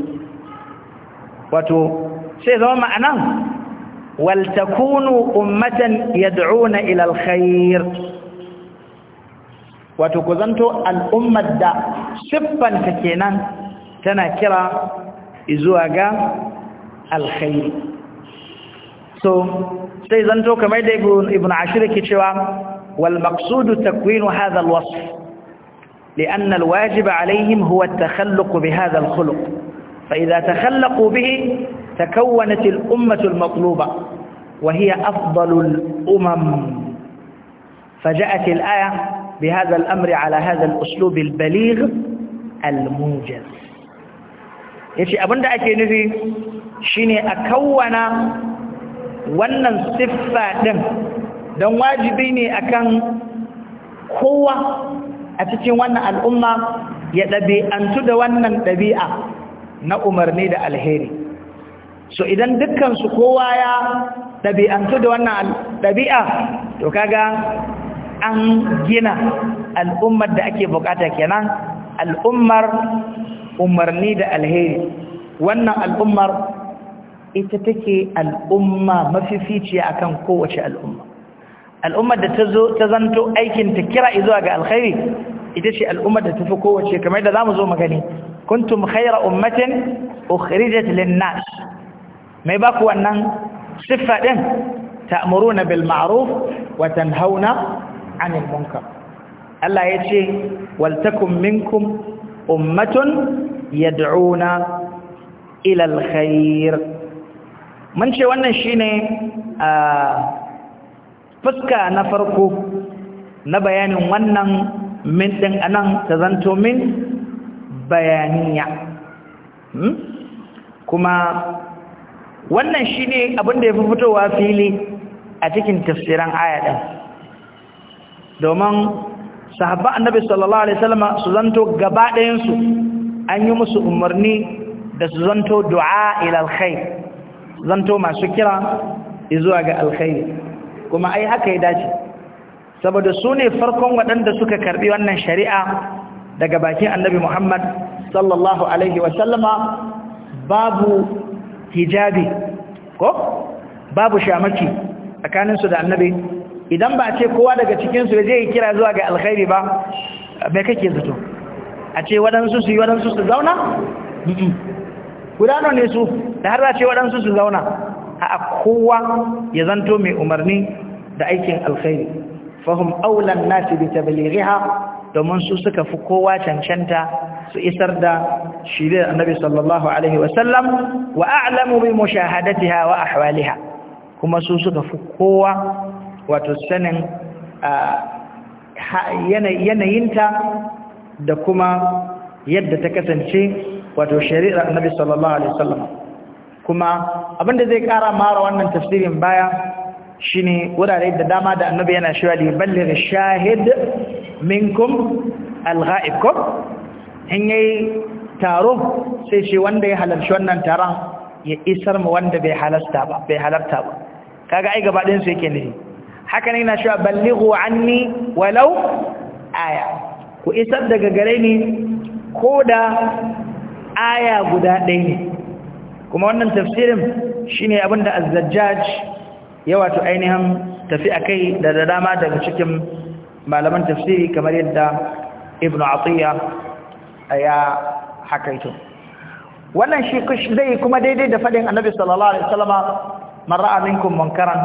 wato sai zama ma'anan wal takunu ummatan yad'una ila alkhair wato ku zanto al'ummar da siffanta kenan tana kira zuwa ga alkhairi so sai zanto kamar da ibn ashir ke cewa wal maqsudu takwinu hadha al wasf لأن الواجب عليهم هو التخلق بهذا الخلق فإذا تخلقوا به تكونت الأمة المطلوبة وهي أفضل الأمم فجاءت الآية بهذا الأمر على هذا الأسلوب البليغ الموجز yace abinda ake nufi shine a kawwana wannan siffa ɗin don wajibi ne kan kowa a cikin wannan al'umma ya ɗabi'antu da wannan ɗabi'a na umarni da alheri so idan dukkansu kowa ya ɗabi'antu da wannan ɗabi'a to kaga an gina al'ummar da ake bukata kenan al'ummar umarni da alheri wannan al'ummar ita take al'umma mafificiya akan kowace al'umma al'ummar da ta zanto aikin ta kira zuwa ga alkhairi ita ce al'ummar da ta fi kowace kamar da zamu zo magani kuntum khaira ummatin ukhrijat lin-nas mai ba ku wannan siffa din ta'muruna bil ma'ruf wa tanhauna 'anil munkar Allah ce wal takum minkum ummatun yad'una ila al-khair mun ce wannan shine a fuska na farko na bayanin wannan min din anan ta zanto min bayaniya hmm? kuma wannan shine abin da fi fitowa fili a cikin tafsiran aya din domin sahabba annabi sallallahu alaihi wasallam su zanto gaba ɗayan su an yi musu umarni da su zanto du'a ila alkhair zanto masu kira izuwa ga alkhairi kuma ai haka ya dace saboda su ne farkon waɗanda suka karbi wannan shari'a daga bakin annabi Muhammad sallallahu alaihi sallama babu hijabi ko babu shamaki tsakaninsu da annabi idan ba a ce kowa daga cikinsu ya je yi kira zuwa ga alkhairi ba mai kake zato a ce waɗansu su yi waɗansu su zauna guda ne su da har za ce waɗansu su zauna a kowa ya zanto mai umarni da aikin alkhairi fahim aulan nasi bi tablighiha domin su suka fi kowa cancanta su isar da shirye annabi sallallahu alaihi wasallam wa a'lamu bi mushahadatiha wa ahwaliha kuma su suka fi kowa wato sanin yanayinta da kuma yadda ta kasance wato shari'ar annabi sallallahu alaihi wasallam kuma abin da zai kara mara wannan tafsirin baya shine wurare da dama da annabi yana shiwa li balligh shahid minkum alghaib ko in yayi taro sai ce wanda ya halarci wannan taron ya isar mu wanda bai halarta ba bai halarta ba kaga ai gaba ɗayan su yake ne haka ne yana shiwa ballighu anni walau aya ku isar daga gare ni da. aya guda ɗaya ne kuma wannan tafsirin shine abinda az-zajjaj ya wato ainihin tafi akai da da dama daga cikin malaman tafsiri kamar yadda ibn atiya aya hakaito wannan shi dai kuma daidai da fadin annabi sallallahu alaihi wasallama man ra'a minkum munkaran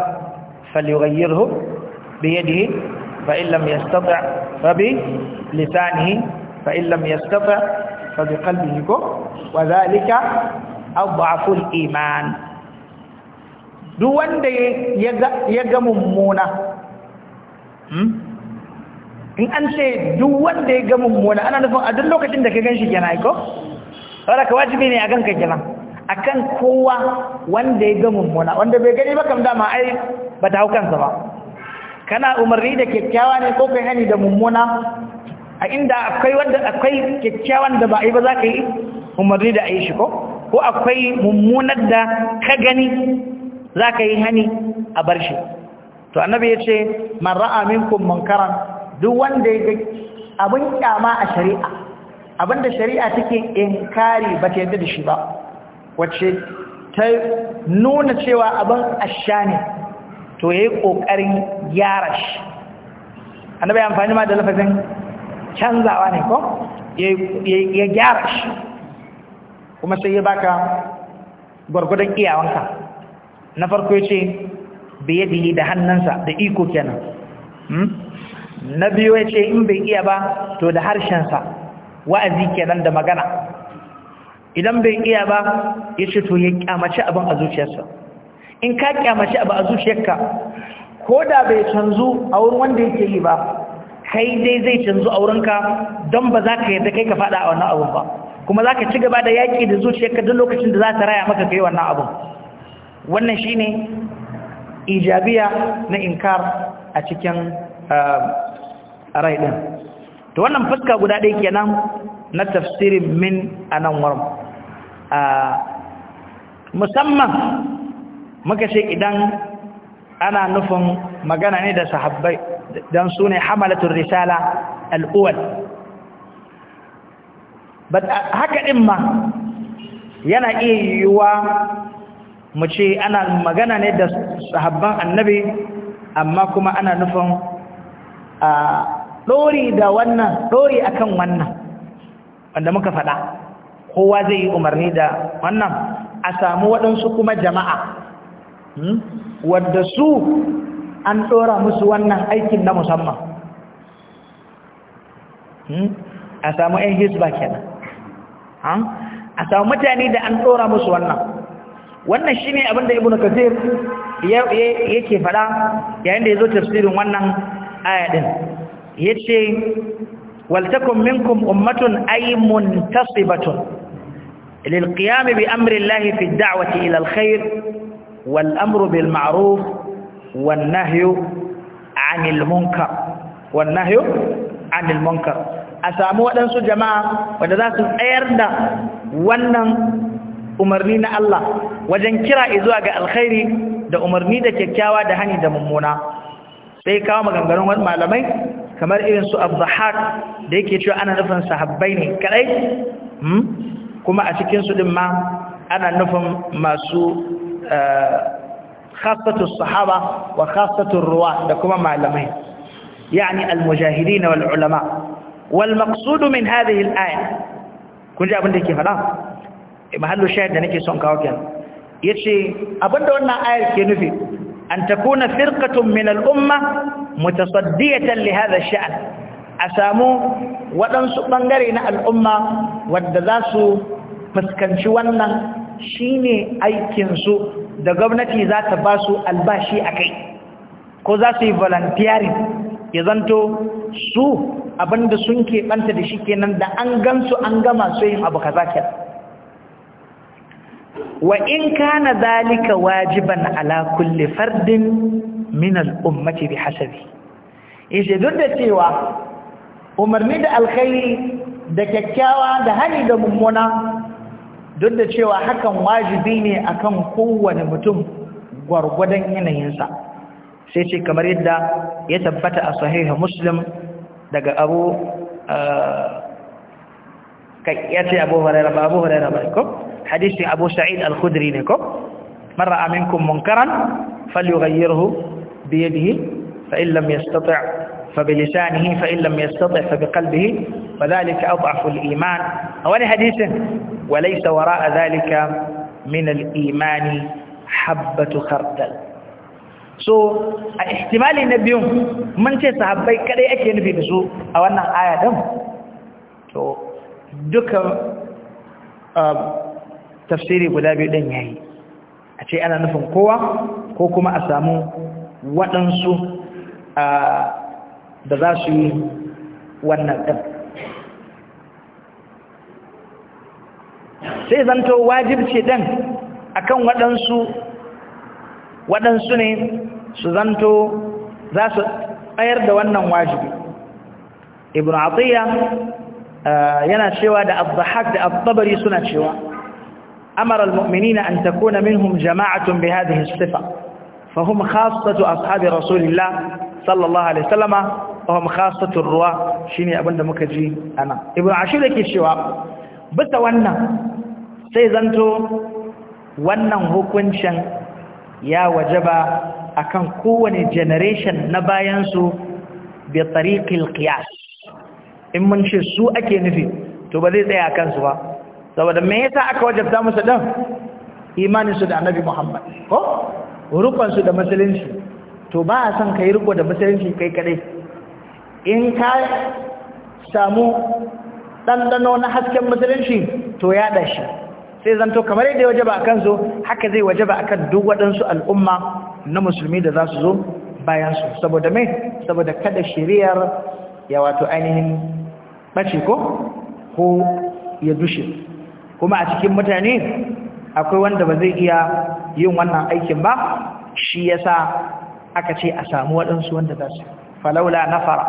falyughayyirhu bi yadihi fa in lam yastati' fa bi lisanihi fa in lam yastati' fa bi qalbihi ko wa zalika adhaful iman duk wanda ya ga mummuna hmm? in an ce duk wanda ya ga mummuna ana nufin a duk lokacin da ka ganshi shi kenan ko saboda ka wajibi ne a ganka kenan akan kowa wanda ya ga mummuna wanda bai gani ba kam dama ai ba ta hau ba kana umarni da kyakkyawa ne ko kai hani da mummuna a inda akwai wanda akwai kyakkyawan da ba a yi ba za ka yi umarni da a yi shi ko ko akwai mummunar da ka gani za ka yi hani a bar shi to annabi ya ce man ra'a minkum munkaran duk wanda ya ga abin kyama a shari'a da shari'a take inkari ba ta yadda da shi ba wacce ta nuna cewa abin asha ne to ya yi ƙoƙarin gyara shi ya amfani ma da lafazin canzawa ne ko ya gyara shi kuma sai ya baka gwargwadon iyawanka na farko ya ce biye da hannunsa da iko kenan hmm? na biyu ya ce in bai iya ba to da harshensa wa'azi kenan da magana idan bai iya ba ya ce to ya kyamaci abin a zuciyarsa in ka kyamaci abin a zuciyarka ko da bai canzu a wurin wanda yake yi ba kai dai zai canzu a wurinka don ba za ka yadda kai ka faɗa a wannan abun ba kuma za ka ci gaba da yaƙi da zuciyarka duk lokacin da za ta raya maka kai wannan abun wannan shi ne ijabiya na inkar a cikin ah, rai ɗin to wannan fuska guda ɗaya kenan na tafsirin min a nan wurin ah, musamman muka ce idan ana nufin magana ne da sahabbai don su ne hamalatun risala al'uwal uh, haka ɗin ma yana iya yiwuwa mu ce ana magana ne da sahabban annabi amma kuma ana nufin a ɗori da wannan ɗori akan wannan wanda muka faɗa kowa zai yi umarni da wannan a samu waɗansu kuma jama'a hmm, wadda su an dora musu wannan aikin na musamman a samu ɗan hisba kenan a samu mutane da an dora musu wannan wannan shine abin da ibnu kathir yake fada yayin da yazo tafsirin wannan ayaɗin ya ce waltakun minkum ummatun aimun tasibatun للقيام بأمر الله في الدعوة إلى الخير والأمر بالمعروف wan anil munkar wan anil munkar a samu waɗansu jama'a wanda za su tsayar da wannan umarni na Allah wajen kira izuwa ga alkhairi da umarni da kyakkyawa da hani da mummuna sai kawo maganganun wani malamai kamar irin su abdahak da yake cewa ana nufin sahabbai ne kadai kuma a cikin su din ma ana nufin masu khassatus sahaba wa khassatur ruwa da kuma malamai yani almujahidin wal ulama wal maqsud min hadhihi al aya kun ji abin da ke fada mahallu shahid da nake son kawo kenan yace abinda wannan ayar ke nufi an takuna firqatun min al umma mutasaddiyatan li hadha ash-sha'n samu wadansu bangare na al'umma wanda za su fuskanci wannan Shi shine aikinsu da gwamnati za ta ba su albashi a kai ko za su yi volunteering ya zanto su abinda sun keɓanta da shi kenan da an gansu an gama su yin abu kaza kenan wa in kana zalika wajiban ala kulle fardin min al hasari bihasabi yace duk da cewa umarni da alkhairi da kyakkyawa da hari da mummuna duk da cewa hakan wajibi ne akan kowane mutum gwargwadon yanayinsa sai ce kamar yadda ya tabbata a sahiha muslim daga abu eh, ya ce abu hurairah ba abu hurairah ba ko hadisin abu sa'id al-khudri ne ko man ra'a minkum munkaran falyughayyirhu bi yadihi fa in yastati' فبلسانه فإن لم يستطع فبقلبه فذلك أضعف الإيمان أولي حديث وليس وراء ذلك من الإيمان حبة خردل so a ihtimali na biyun mun ce sahabbai kadai ake nufi da su a wannan aya din to duka tafsiri guda biyu din yayi a ce ana nufin kowa ko kuma a samu waɗansu da za su yi wannan ɗin sai zanto wajibci ɗin kan waɗansu waɗansu ne su zanto za su tsayar da wannan wajibi ibn atiyya eh, yana cewa da abdahak da abdabari suna cewa amara almu'minina an takuna minhum jama'atun bi hadhihi as-sifa fahum khassatu ashabi rasulillah sallallahu alaihi wasallama wa hum ruwa shine abinda muka ji ana ibnu ashir yake cewa bisa wannan sai zanto wannan hukuncin ya wajaba akan kowane generation na bayan su bi tariqil qiyas in mun ce su ake nufi to ba zai tsaya kansu ba saboda me yasa aka wajabta musu din imanin su da annabi Muhammad ko rukunsu da musulunci to ba a son ka yi riko da musulunci kai kadai in ka samu ɗanɗano na hasken musulunci to ya shi sai zanto kamar yadda ya wajaba a kansu haka zai wajaba a kan duk waɗansu al'umma na musulmi da za su zo bayansu saboda mai saboda kada shiriyar ya wato ainihin ɓace ko ko ya dushe kuma a cikin mutane akwai wanda ba zai iya yin wannan aikin ba shi yasa aka ce a samu waɗansu wanda za su falaula fara.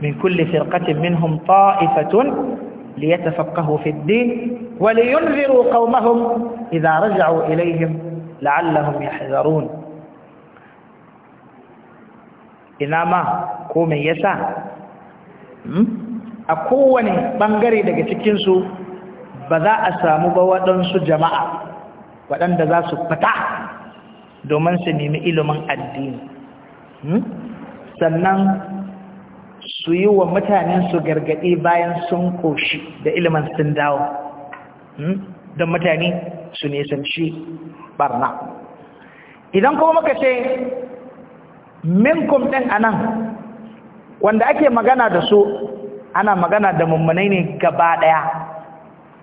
min kulli firqatin minhum ta'ifatun liyatafaqahu fi fiddi. Wali wa liyunziru qaumahum idha raja'u ilayhim la'allahum yahzarun ina ma ko me yasa hmm? a kowane bangare daga cikinsu. su ba za a samu ba waɗansu jama'a waɗanda za su fita domin su nemi ilimin addini hmm? sannan su yi wa mutanen su gargaɗi bayan sun koshi da ilimin sun dawo hmm? don mutane su nisanci barna idan kuma muka ce minkum ɗin anan wanda ake magana da su ana magana da mummunai ne gaba ɗaya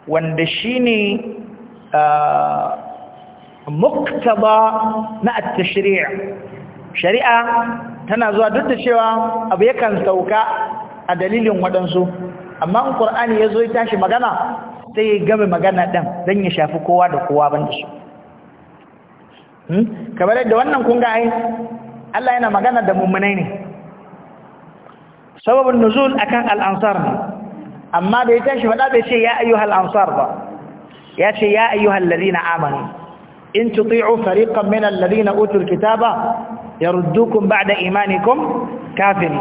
wanda shi ne uh, muktaba na at-tashri' shari'a tana zuwa duk da cewa abu yakan sauka a dalilin wadansu amma in qur'ani yazo ya tashi magana sai ya game magana din dan ya shafi kowa da kowa banda shi hmm? kamar yadda wannan kun ga ai Allah yana magana da mummunai ne sababin nuzul akan al-ansar amma da ya tashi faɗa bai ce ya ayyuhal ansar ba ya ce ya ayyuhal ladina amanu in tuti'u fariqan min alladhina utul kitaba yaruddukum ba'da imanikum kafirin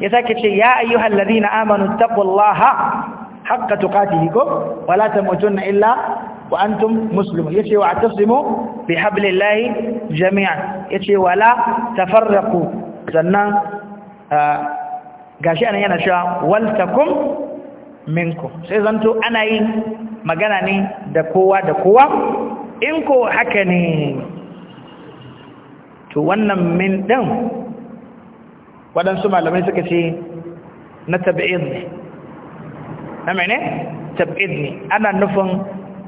yasa kace ya ayyuhal ladina amanu taqullaha haqqa tuqatihi ko wala tamutunna illa wa antum muslimun yace wa atasimu bihablillahi jami'an yace wala tafarraqu sannan gashi anan yana cewa wal takum minkum sai zanto ana yin magana ne da kowa da kowa in ko haka ne to wannan min ɗin waɗansu malamai suka ce na tabi'id ne na mene? tabi'id ne ana nufin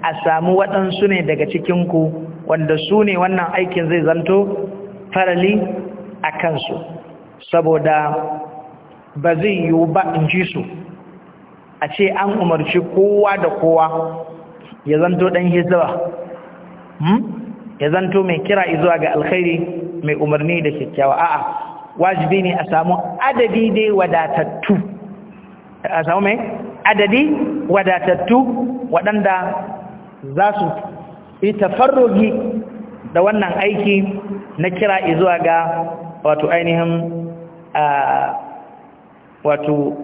a samu waɗansu ne daga cikinku wanda su ne wannan aikin zai zanto farali a kansu saboda ba zai yiwu ba in ji su a ce an umarci kowa da kowa ya zanto ɗan hizaba Hmm? ya zanto mai kira zuwa ga alkhairi mai umarni da kyakkyawa a'a wajibi ne a samu adadi dai wadatattu a samu mai adadi wadatattu waɗanda za su yi tafarrogi da wannan aiki na kira zuwa ga wato ainihin wato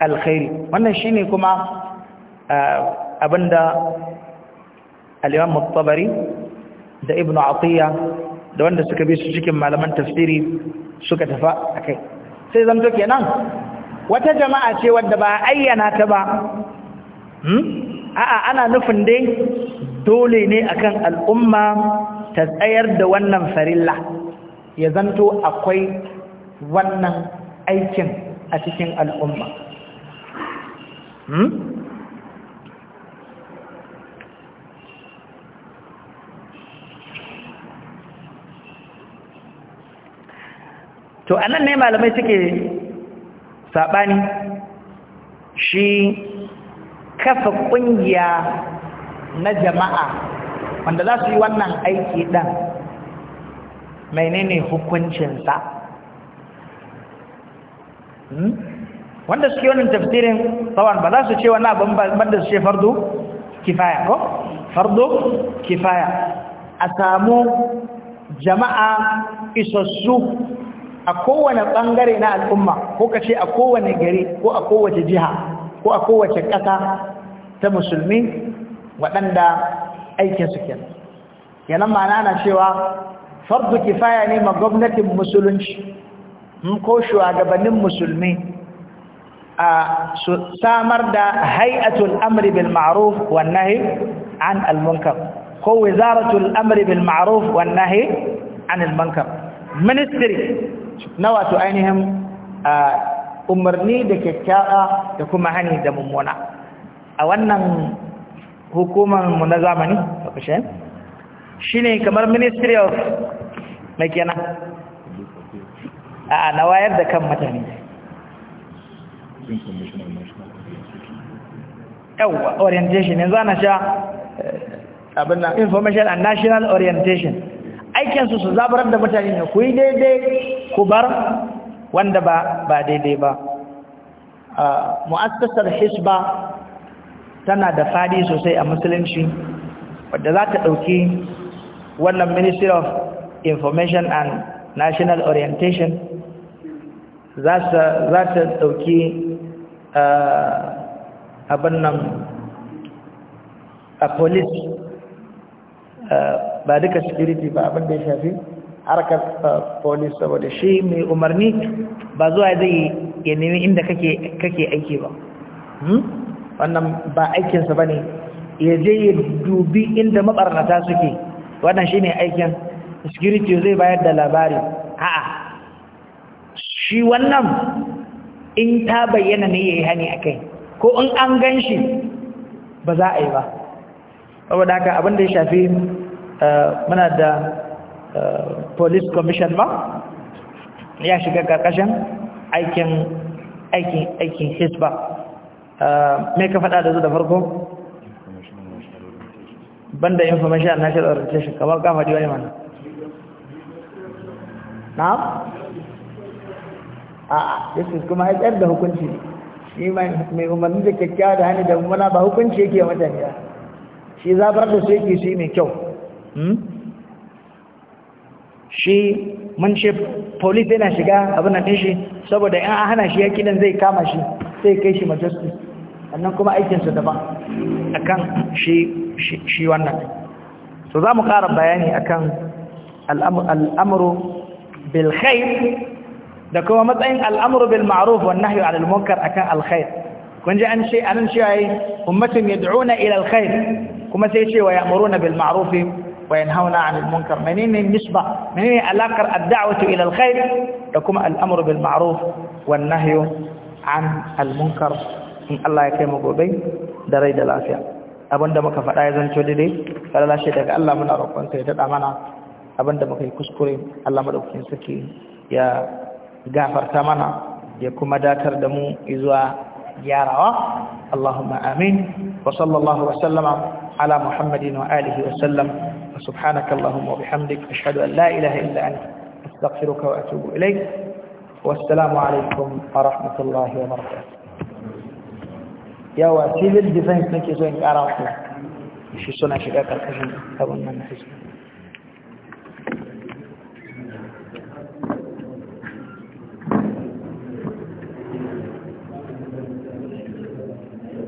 alkhairi wannan shine kuma abinda al-imam at-tabari da ibn atiya da wanda suka bi su cikin malaman tafsiri suka tafa akai sai zanto kenan wata jama'a ce wadda ba ayyana ta ba hmm? a'a ana nufin dai dole ne akan al'umma ta tsayar da wannan farilla ya zanto akwai wannan aikin a cikin al'umma hmm? to anan ne malamai suke saɓani shi kafa ƙungiya na jama'a wanda za su yi wannan aiki ɗan menene hukuncinsa hmm? wanda suke wannan tafsirin tsawon ba za su ce wani abin banda su ce fardo kifaya ko fardo kifaya a samu jama'a isassu a kowane bangare na al'umma ko kace a kowane gari ko a kowace jiha ko a kowace kasa ta musulmi wadanda aikin su kenan kenan ma'ana na cewa fardu kifaya ne ma gwamnatin musulunci mun ko shugabannin musulmi a su samar da hay'atul amri bil ma'ruf wan nahi an al munkar ko wizaratul amri bil ma'ruf wan nahi an al munkar ministry na wato ainihin umarni da kyakkyawa da kuma hani da mummuna a wannan mu na zamani shi ne kamar ministry of makina a na wayar da kan mutane yau orientation yanzu ana sha eh, abin information and national orientation aikinsu su zabarar da mutane ne ku daidai ku bar wanda ba ba daidai ba mu'assasar hisba tana da fadi sosai a musulunci wadda za ta ɗauki wannan ministry of information and national orientation za ta ɗauki eh, abin nan a police ba duka security ba abin da ya shafi harkar uh, police saboda shi mai umarni ba zuwa zai ya nemi inda kake aiki ba hmm? wannan ba aikinsa ba ne ya je ya dubi inda mabarnata suke wannan shi ne aikin security zai bayar da labari a'a shi wannan in ta bayyana ne ya yi hani a kai ko in an gan shi ba za a yi ba saboda haka abin da ya shafi eh, muna da eh, police commission ba ya shiga karkashin aikin aikin aikin hisba eh, me ka faɗa da zuwa da farko banda information shi national orientation kamar ka jiwa wani na a a'a kuma haifar da hukunci shi mai umarni da kyakkyawa da hannu da mummuna ba hukunci yake mutane ya shi zabar da su yake shi mai kyau hmm? shi mun ce police yana shiga abin nan shi saboda in an hana shi ya kidan zai kama shi sai kai shi majesty annan kuma aikinsa daban akan shi shi wannan so za mu ƙara bayani akan al'amuru bil da kuma matsayin al'amuru bil ma'ruf wa nahyu 'anil munkar akan al khair kun ji an ce anan cewa ummatun yad'una ila al khair kuma sai ce wa ya'muruna bil ma'ruf wa yanhauna 'anil munkar menene nisba menene alakar ad-da'wati ila al-khair da kuma al-amru bil ma'ruf wan nahyu 'an al-munkar in Allah ya kai mu gobe da rai da lafiya abinda muka faɗa ya zanto daidai falala shi daga Allah muna roƙon sai ya dada mana abinda muka yi kuskure Allah madaukakin saki ya gafarta mana ya kuma datar da mu zuwa gyarawa اللهم آمين وصلى الله وسلم على محمد وآله وسلم وسبحانك اللهم وبحمدك أشهد أن لا إله إلا أنت أستغفرك وأتوب إليك والسلام عليكم ورحمة الله وبركاته يا واسيل الدفاع nake so in شو ku shi suna shiga karkashin abin